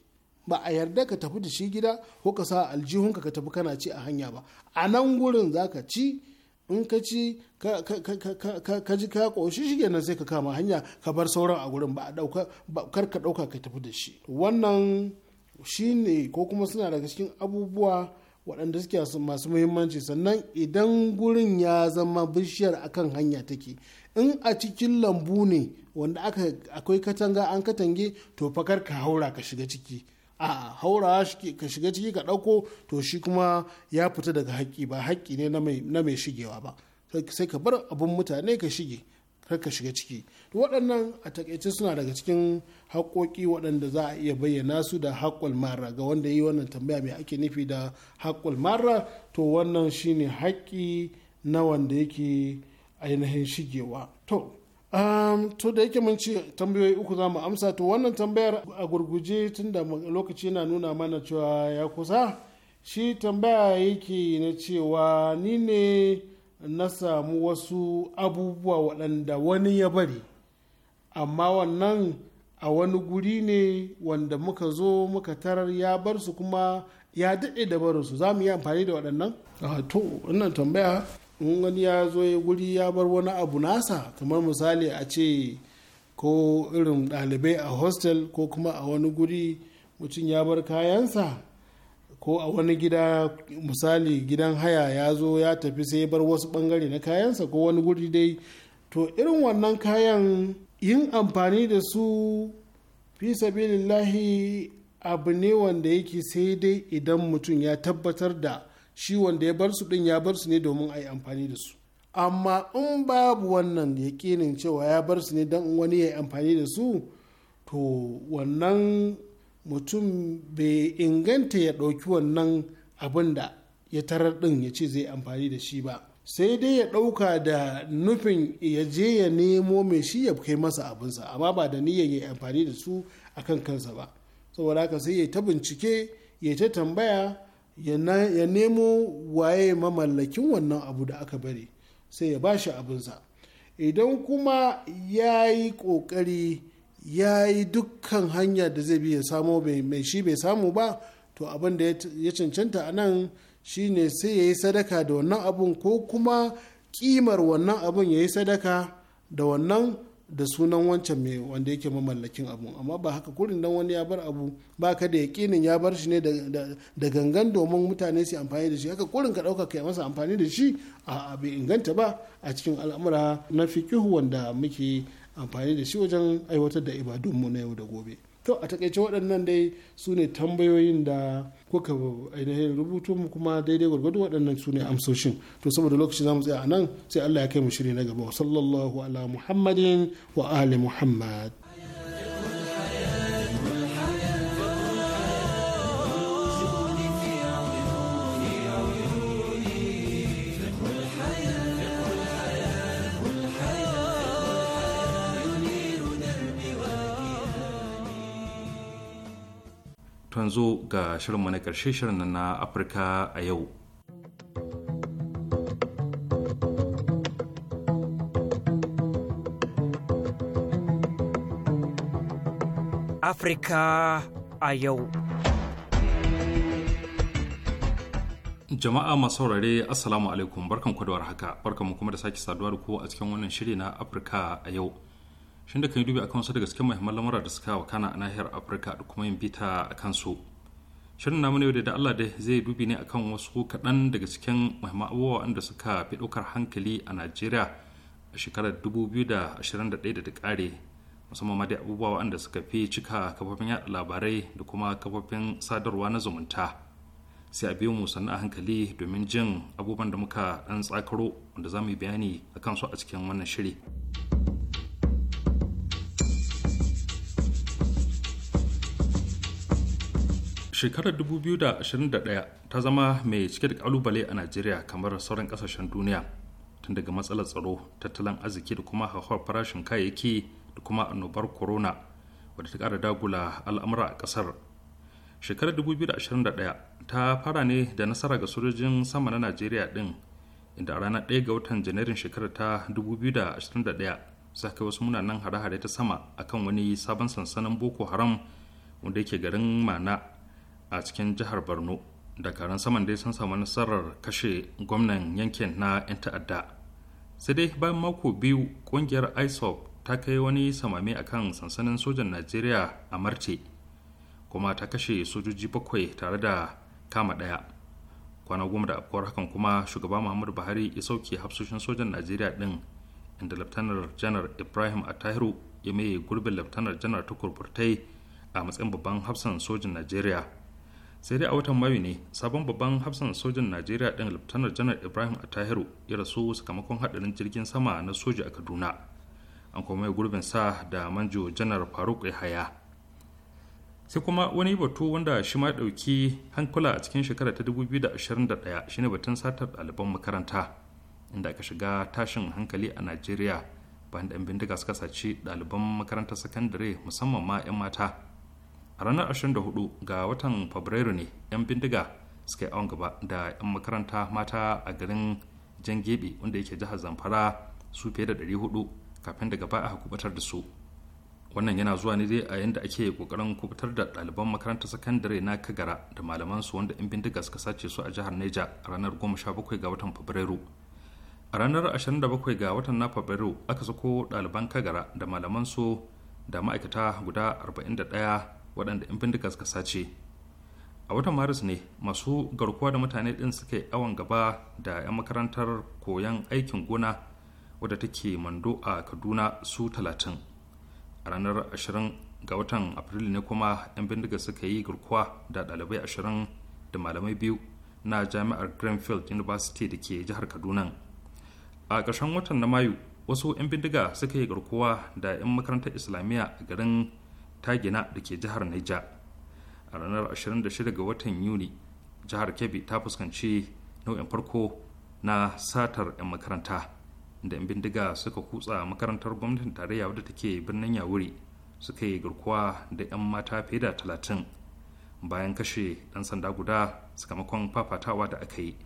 ba a yarda ka tafi da shi gida ko ka sa aljihunka ka tafi kana ci a hanya ba a nan gurin za ka ci in ka ci ka ji ka ƙoshi shi kenan sai ka kama hanya ka bar sauran a gurin ba a ɗauka kar ka ɗauka ka tafi da shi wannan shine ko kuma suna daga cikin abubuwa waɗanda suke masu muhimmanci sannan idan gurin ya zama bishiyar akan hanya take in a cikin lambu ne wanda akwai katanga an katange to fakar ka haura ka shiga ciki a haura ka shiga ciki ka ɗauko to shi kuma ya fita daga haƙƙi ba haƙƙi ne na mai shigewa ba sai ka bar abin mutane ka shige kar ka shiga ciki waɗannan a takaice suna daga cikin haƙoƙi waɗanda za a iya bayyana su da haƙƙul mara ga wanda yi wannan tambaya mai ake nufi da haƙƙul mara to wannan shine haƙƙi na wanda yake ainihin shigewa to Um, to da yake mun ce tambayoyi uku za mu amsa to wannan tambayar a gurguje tun da lokaci yana nuna mana cewa ya kusa shi tambaya yake na cewa ni ne na samu wasu abubuwa waɗanda wani ya bari amma wannan a wani guri ne wanda muka zo muka tarar ya bar su kuma ya daɗe da su za mu yi amfani da waɗannan? to wannan tambaya in wani ya zo ya guri ya bar wani abu nasa kamar misali a ce ko irin ɗalibai a hostel ko kuma a wani guri mutum ya bar kayansa ko a wani gida misali gidan haya ya zo ya tafi sai bar wasu bangare na kayansa ko wani guri dai to irin wannan kayan yin amfani da su fi sabilillahi abu ne wanda yake sai dai idan mutum ya tabbatar da shi wanda ya bar su din ya bar su ne domin a yi amfani da su amma in babu wannan yakinin cewa ya bar su ne don wani ya yi amfani da su to wannan mutum bai inganta ya ɗauki wannan abin da ya tarar ɗin ya ce zai amfani da shi ba sai dai ya ɗauka da nufin ya je ya nemo mai shi ya kai masa abinsa amma ba da niyyar ya amfani da su a kan kansa ba saboda haka sai ya ta bincike ya ta tambaya ya nemo waye mamallakin wannan abu da aka bari sai ya ba shi abinsa idan kuma ya yi ƙoƙari ya yi dukkan hanya da zai bi ya samo mai shi bai samu ba to abin da ya cancanta a nan shi ne sai ya yi sadaka da wannan abun ko kuma kimar wannan abun ya yi sadaka da wannan da sunan wancan mai wanda yake mamallakin abu amma ba haka kurin dan wani ya bar abu ba ka da yakinin ya bar shi ne da gangan domin mutane su amfani da shi haka kurin ka dauka kai masa amfani da shi a bai inganta ba a cikin al'amura na fikihu wanda muke amfani da shi wajen aiwatar da ibadun mu na yau da gobe to a takaice waɗannan dai su ne tambayoyin da kuka ainihin rubutu mu kuma daidai gwargwado waɗannan su ne amsoshin to saboda lokaci za mu tsaya a nan sai allah ya kai mu shiri na gaba sallallahu ala muhammadin wa ali muhammad Yanzu zo ga shirinmu na ƙarshe shirin na afirka a yau afirka a yau jama'a masu saurare assalamu alaikum barkan kwadowar haka barkan mu kuma da sake saduwa da ku a cikin wannan shiri na afirka a yau shin da kan yi dubi akan wasu daga cikin muhimman lamura da suka wakana a nahiyar afirka da kuma yin bita a kansu shirin namu ne da allah dai zai dubi ne akan wasu kaɗan daga cikin muhimman abubuwa wanda suka fi ɗaukar hankali a najeriya a shekarar 2021 da ta ƙare musamman ma dai abubuwa wanda suka fi cika kafofin yaɗa labarai da kuma kafofin sadarwa na zumunta sai a biyo mu sannu a hankali domin jin abubuwan da muka ɗan tsakaro wanda za mu yi bayani akan su a cikin wannan shiri. shekarar 2021 ta zama mai cike da kalubale a najeriya kamar sauran kasashen duniya tun daga matsalar tsaro tattalin arziki da kuma hauhawar farashin kayayyaki da kuma annobar corona wadda ta kara dagula al'amura a kasar shekarar 2021 ta fara ne da nasara ga sojojin sama na najeriya din inda a ranar 1 ga watan janairun shekarar ta 2021 suka kai wasu munanan hare-hare ta sama akan wani sabon sansanin boko haram wanda yake garin mana a cikin jihar borno dakarun saman dai sun samu nasarar kashe gwamnan yankin na 'yan ta'adda sai dai bayan mako biyu kungiyar isop ta kai wani samame a kan sansanin sojan najeriya a marte kuma ta kashe sojoji bakwai tare da kama daya kwana goma da afkuwar hakan kuma shugaba muhammadu buhari ya sauke hafsoshin sojan najeriya din inda laftanar janar ibrahim atahiru ya mai gurbin laftanar janar tukur burtai a matsayin babban hafsan sojan najeriya sai dai a watan mayu ne sabon babban hafsan sojan najeriya ɗin lieutenant janar ibrahim atahiru ya rasu sakamakon haɗarin jirgin sama na soja a kaduna an kuma mai gurbin sa da manjo janar faruk yahaya sai kuma wani batu wanda shi ma ɗauki hankula a cikin shekara ta 2021 shine batun satar ɗaliban makaranta inda aka shiga tashin hankali a najeriya bayan da 'yan bindiga suka saci ɗaliban makarantar sakandare musamman ma 'yan mata a ranar 24 ga watan fabrairu ne 'yan bindiga suka yi awon gaba da 'yan makaranta mata a garin jan gebe wanda yake jihar zamfara su fiye da 400 kafin daga ba a kubatar da su wannan yana zuwa ne dai a yadda ake kokarin kubatar da ɗaliban makarantar sakandare na kagara da malaman su wanda 'yan bindiga suka sace su a jihar neja a ranar 17 ga watan fabrairu a ranar 27 ga watan na fabrairu aka sako ɗaliban kagara da malaman su da ma'aikata guda 41 waɗanda 'yan bindiga suka sace a watan maris ne masu garkuwa da mutane ɗin suka yi awon gaba da 'yan makarantar koyon aikin gona wadda take mando a kaduna su talatin a ranar 20 ga watan afrilu ne kuma 'yan bindiga suka yi garkuwa da ɗalibai ashirin da malamai biyu na jami'ar greenfield university da ke jihar kaduna a ƙarshen watan na mayu wasu 'yan bindiga suka yi garkuwa da 'yan makarantar islamiyya a garin tagina da ke jihar Niger. A ranar 26 ga watan Yuni, jihar Kebbi ta fuskanci nau'in farko na satar 'yan makaranta, da 'yan bindiga suka kutsa makarantar gwamnatin tarayya wadda take birnin Yawuri suka yi garkuwa da 'yan mata fiye da talatin bayan kashe ɗan sanda guda sakamakon fafatawa da aka yi.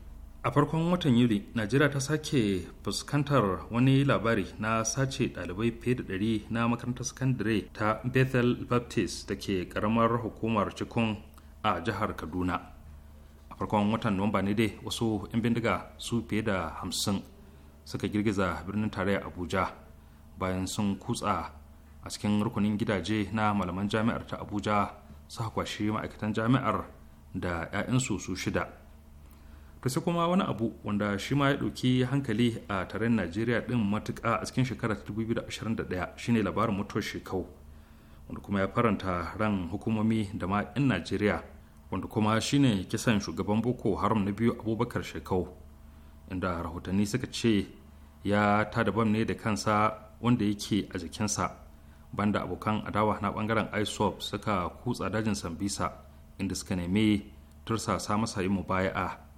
a farkon watan yuli najeriya ta sake fuskantar wani labari na sace dalibai fiye da ɗari na makarantar sakandare ta bethel baptist da ke karamar hukumar cikun a jihar kaduna a farkon watan nuwamba ne dai wasu 'yan bindiga su fiye da hamsin suka girgiza birnin tarayya abuja bayan sun kutsa a cikin rukunin gidaje na malaman jami'ar ta abuja su kwashi ma'aikatan jami'ar da 'ya'yansu su shida to sai kuma wani abu wanda shi ma ya ɗauki hankali a taron najeriya ɗin matuka a cikin shekarar ta 2021 shine labarin mutuwar shekau wanda kuma ya faranta ran hukumomi da ma 'yan najeriya wanda kuma shine kisan shugaban boko haram na biyu abubakar shekau inda rahotanni suka ce ya tada bam ne da kansa wanda yake a jikinsa banda abokan adawa na bangaren isop suka kutsa dajin sambisa inda suka nemi tursasa masa yi mubaya'a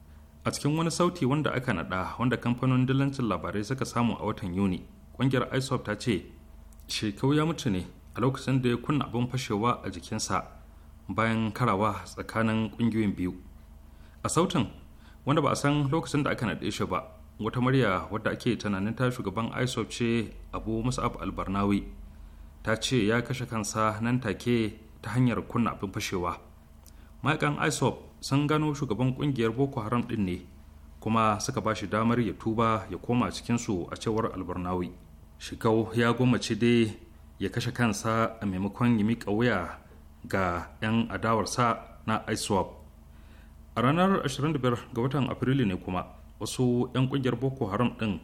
a cikin wani sauti wanda aka naɗa wanda kamfanin dillancin labarai suka samu a watan yuni ƙungiyar isop ta ce shekau ya mutu ne a lokacin da ya kunna abin fashewa a jikinsa bayan karawa tsakanin ƙungiyoyin biyu a sautin wanda ba a san lokacin da aka naɗe shi ba wata murya wadda ake tunanin ta shugaban isop ce abu musab albarnawi ta ce ya kashe kansa nan take ta hanyar kunna abin fashewa maikan isop sun gano shugaban kungiyar boko haram din ne kuma suka ba shi damar ya tuba ya koma cikinsu a cewar albarnawi shigau ya gwamace dai ya kashe kansa a maimakon ya miƙa wuya ga 'yan adawarsa na iswap a ranar 25 ga watan afrilu ne kuma wasu 'yan kungiyar boko haram din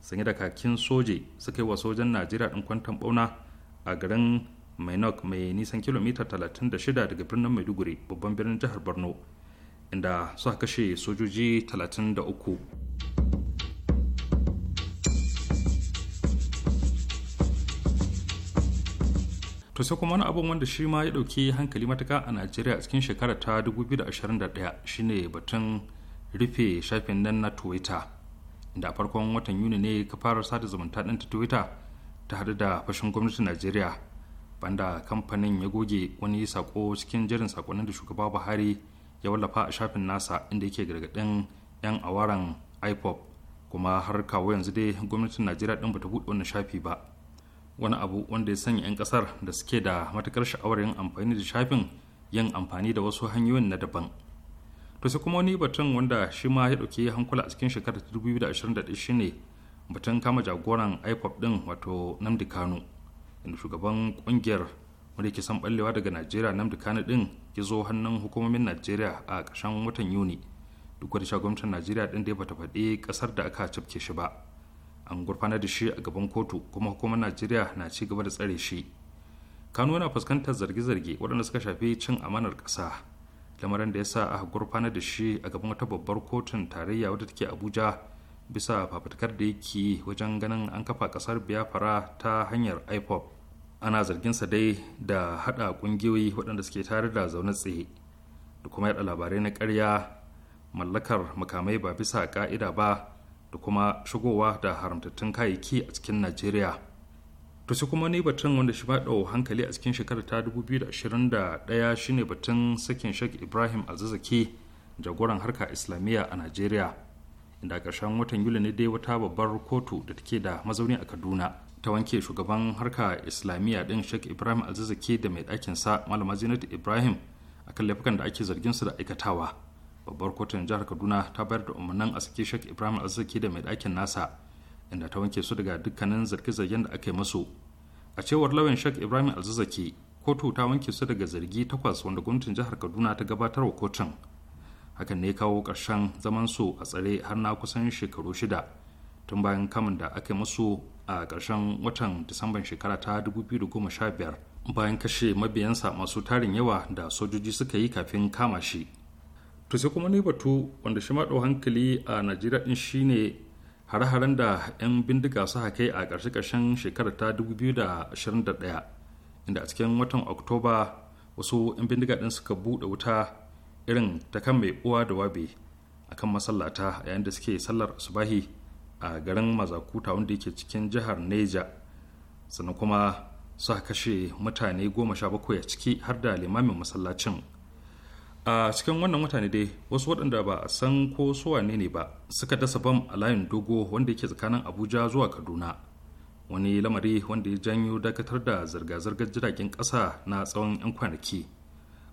sanye da kakin soje suka yi wa sojan najeriya din kwantan bauna a garin mainok mai nisan kilomita 36 daga birnin maiduguri babban birnin jihar borno inda suka kashe sojoji 33 to sai kuma wani abin wanda shi ma ya dauki hankali matuka a najeriya cikin shekara ta 2021 shine batun rufe shafin nan na twitter inda a farkon watan yuni ne ka fara sada zumunta ɗin ta twitter ta hadu da fashin gwamnatin najeriya banda kamfanin ya goge wani sako cikin jerin sakonnin da shugaba buhari ya wallafa a shafin nasa inda yake gargaɗin 'yan awaran ipop kuma har kawo yanzu dai gwamnatin najeriya ɗin bata buɗe wani shafi ba wani abu wanda ya sanya 'yan kasar da suke da matukar sha'awar yin amfani da shafin yin amfani da wasu hanyoyin na daban to sai kuma wani batun wanda shi ma ya ɗauki hankula a cikin shekarar 2021 shine batun kama jagoran ipop ɗin wato namdi kano inda shugaban ƙungiyar wanda yake son ɓallewa daga najeriya namdi kano ɗin ya zo hannun hukumomin najeriya a ƙarshen watan yuni duk da gwamnatin najeriya ɗin dai bata faɗi ƙasar da aka cafke shi ba an gurfanar da shi a gaban kotu kuma hukumar najeriya na ci gaba da tsare shi kano yana fuskantar zarge-zarge waɗanda suka shafi cin amanar ƙasa lamarin da ya sa aka gurfanar da shi a gaban wata babbar kotun tarayya wadda take abuja bisa fafutukar da yake wajen ganin an kafa ƙasar biafra ta hanyar ipop ana zarginsa dai da haɗa ƙungiyoyi waɗanda suke tare da zaune tsaye da kuma yaɗa labarai na ƙarya mallakar makamai ba bisa ka'ida ba da kuma shigowa da haramtattun kayayyaki a cikin najeriya to sai kuma ni batun wanda shi ɗau hankali a cikin shekarar ta 2021 shine batun sakin shek ibrahim azizaki jagoran harka islamiyya a najeriya inda ƙarshen watan yuli ne dai wata babbar kotu da take da mazauni a kaduna ta wanke shugaban harka islamiyya din sheikh ibrahim alzazzaki da mai ɗakin sa malama zinatu ibrahim akan laifukan da ake zargin su da aikatawa babbar kotun jihar kaduna ta bayar da umarnin a saki sheikh ibrahim alzazzaki da mai ɗakin nasa inda ta wanke su daga dukkanin zarge-zargen da aka yi musu a cewar lauyan sheikh ibrahim alzazzaki kotu ta wanke su daga zargi takwas wanda gwamnatin jihar kaduna ta gabatar wa kotun hakan ne kawo karshen zaman su a tsare har na kusan shekaru shida tun bayan kamun da aka musu a ƙarshen watan disamban shekara ta 2015 bayan kashe mabiyansa masu tarin yawa da sojoji suka yi kafin kama shi to sai kuma ne batu wanda shi ma hankali a najeriya ɗin shine hare-haren da 'yan bindiga su kai a ƙarshe-ƙarshen shekarar ta 2021 inda a cikin watan oktoba wasu 'yan bindiga din suka buɗe wuta irin ta kan mai uwa da wabe akan masallata yayin da suke sallar subahi a garin mazakuta wanda yake cikin jihar neja sannan kuma suka kashe mutane goma sha bakwai a ciki har da limamin masallacin a cikin wannan mutane dai wasu waɗanda ba a san ko suwane ne ba suka dasa bam a layin dogo wanda yake tsakanin abuja zuwa kaduna wani lamari wanda ya janyo dakatar da zirga-zirgar jiragen ƙasa na tsawon 'yan kwanaki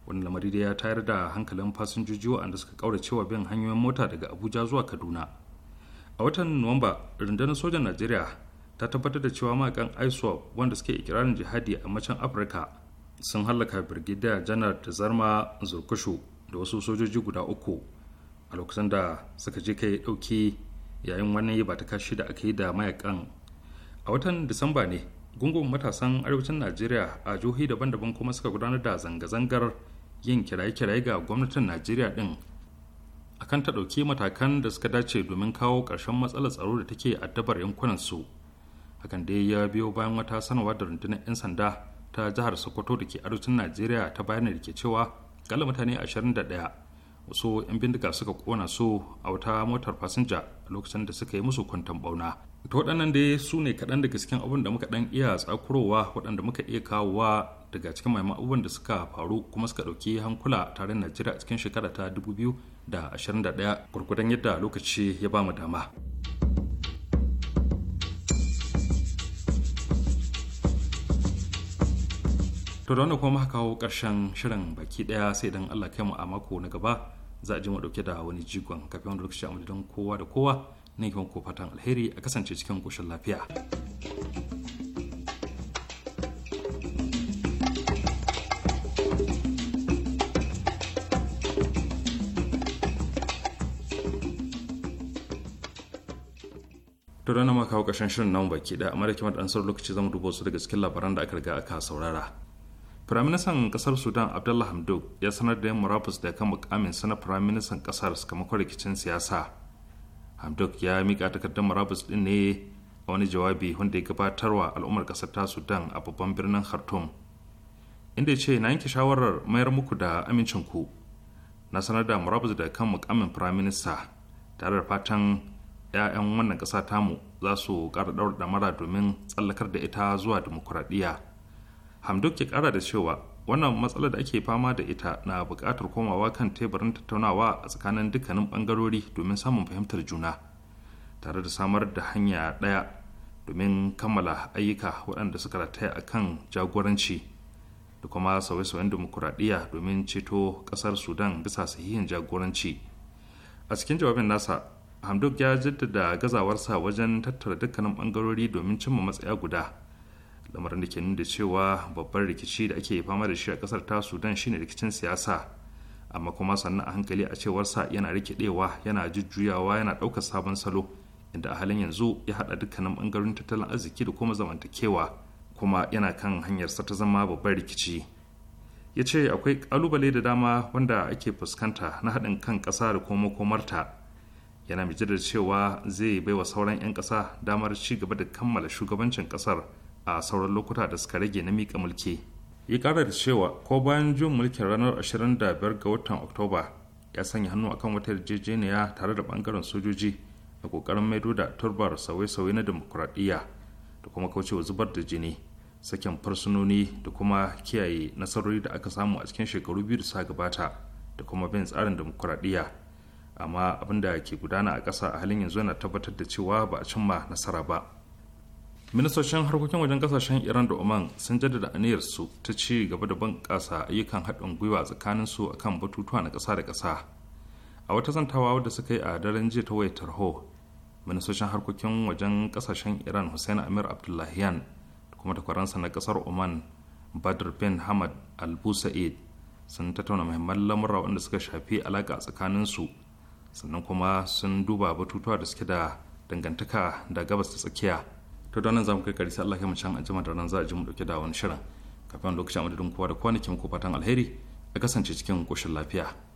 wani lamari da ya tayar da hankalin fasinjoji waɗanda suka ƙauracewa bin hanyoyin mota daga abuja zuwa kaduna a watan nuwamba rundunar sojan najeriya ta tabbatar da cewa makan iswap wanda suke ikirarin jihadi a macen afirka sun hallaka birgida janar da zarma zurkushu da wasu sojoji guda uku a lokacin da suka je kai dauki yayin wani ba ta kashi da aka yi da mayakan a watan disamba ne gungun matasan arewacin najeriya a jihohi daban-daban kuma suka gudanar da zanga-zangar yin kiraye-kiraye ga gwamnatin najeriya din akan ta ɗauki matakan da suka dace domin kawo karshen matsalar tsaro da take addabar yankunan su hakan dai ya biyo bayan wata sanarwa da rundunar 'yan sanda ta jihar sokoto da ke arewacin najeriya ta bayyana da ke cewa kala mutane 21 wasu 'yan bindiga suka kona su a wata motar fasinja a lokacin da suka yi musu kwantan bauna ta waɗannan dai su ne kaɗan daga cikin abin da muka ɗan iya tsakurowa waɗanda muka iya kawowa daga cikin maimakon abubuwan da suka faru kuma suka ɗauki hankula tare najeriya cikin shekara ta 2000 da 21 gurgudan yadda lokaci ya ba mu dama. To da wanda kuma muka kawo ƙarshen shirin baki ɗaya sai idan Allah kai mu a mako na gaba za a ji mu ɗauke da wani jigon kafin wani lokaci a kowa da kowa ne kuma ko fatan alheri a kasance cikin ƙoshin lafiya. to da nama kawo ƙarshen shirin namu baki da amma da kimar da ansar lokaci zamu dubo su daga cikin labaran da aka riga aka saurara firaministan kasar sudan abdullah hamdok ya sanar da yan murabus da kan mukamin sana firaministan kasar sakamakon rikicin siyasa hamdok ya mika takardar murabus din ne a wani jawabi wanda ya gabatarwa al'ummar kasar ta sudan a babban birnin khartoum inda ya ce na yanke shawarar mayar muku da amincinku na sanar da murabus da kan mukamin firaminista tare da fatan 'ya'yan wannan ƙasa tamu za su ƙara ɗaura ɗamara domin tsallakar da ita zuwa dimokuraɗiyya Hamdok ke ƙara da cewa wannan matsalar da ake fama da ita na buƙatar komawa kan teburin tattaunawa a tsakanin dukkanin ɓangarori domin samun fahimtar juna tare da samar da hanya ɗaya domin kammala ayyuka waɗanda suka rataya a kan jagoranci da kuma sauye-sauyen dimokuraɗiyya domin ceto ƙasar sudan bisa sahihin jagoranci a cikin jawabin nasa hamduk ya jaddada gazawarsa wajen tattara dukkanin bangarori domin cimma matsaya guda lamarin da ke nuna cewa babban rikici da ake fama da shi a kasar ta sudan shine rikicin siyasa amma kuma sannan a hankali a cewarsa yana rikidewa yana jujjuyawa yana ɗaukar sabon salo inda a halin yanzu ya haɗa dukkanin bangarorin tattalin arziki da kuma zamantakewa kuma yana kan hanyarsa ta zama babban rikici ya ce akwai kalubale da dama wanda ake fuskanta na haɗin kan ƙasa da kuma komarta. yana mai da cewa zai bai wa sauran 'yan ƙasa damar ci gaba da kammala shugabancin ƙasar a sauran lokuta da suka rage na miƙa mulki ya ƙara da cewa ko bayan jin mulkin ranar 25 ga watan oktoba ya sanya hannu akan wata yarjejeniya tare da bangaren sojoji a kokarin maido da turbar sauye-sauye na demokuraɗiyya da kuma kaucewa zubar da jini sakin farsunoni da kuma kiyaye nasarori da aka samu a cikin shekaru biyu da sa gabata da kuma bin tsarin demokuraɗiyya amma abin da ke gudana a ƙasa a halin yanzu yana tabbatar da cewa ba a cimma nasara ba ministocin harkokin wajen kasashen iran da oman sun jaddada aniyarsu ta ci gaba da bunƙasa ayyukan haɗin gwiwa tsakanin su akan batutuwa na ƙasa da ƙasa a wata zantawa wadda suka yi a daren jiya ta wayar tarho ministocin harkokin wajen kasashen iran hussein amir abdullahiyan da kuma takwaransa na ƙasar oman badr bin hamad al-busa'id sun tattauna muhimman lamurra wanda suka shafi alaƙa tsakanin su sannan kuma sun duba batutuwa da suke da dangantaka da gabas ta tsakiya to don nan za mu kai karisa Allah ya mu can anjima da ran za a ji mu dauke da wani shirin kafin lokacin madadin kowa da kwanakin ko fatan alheri a kasance cikin koshin lafiya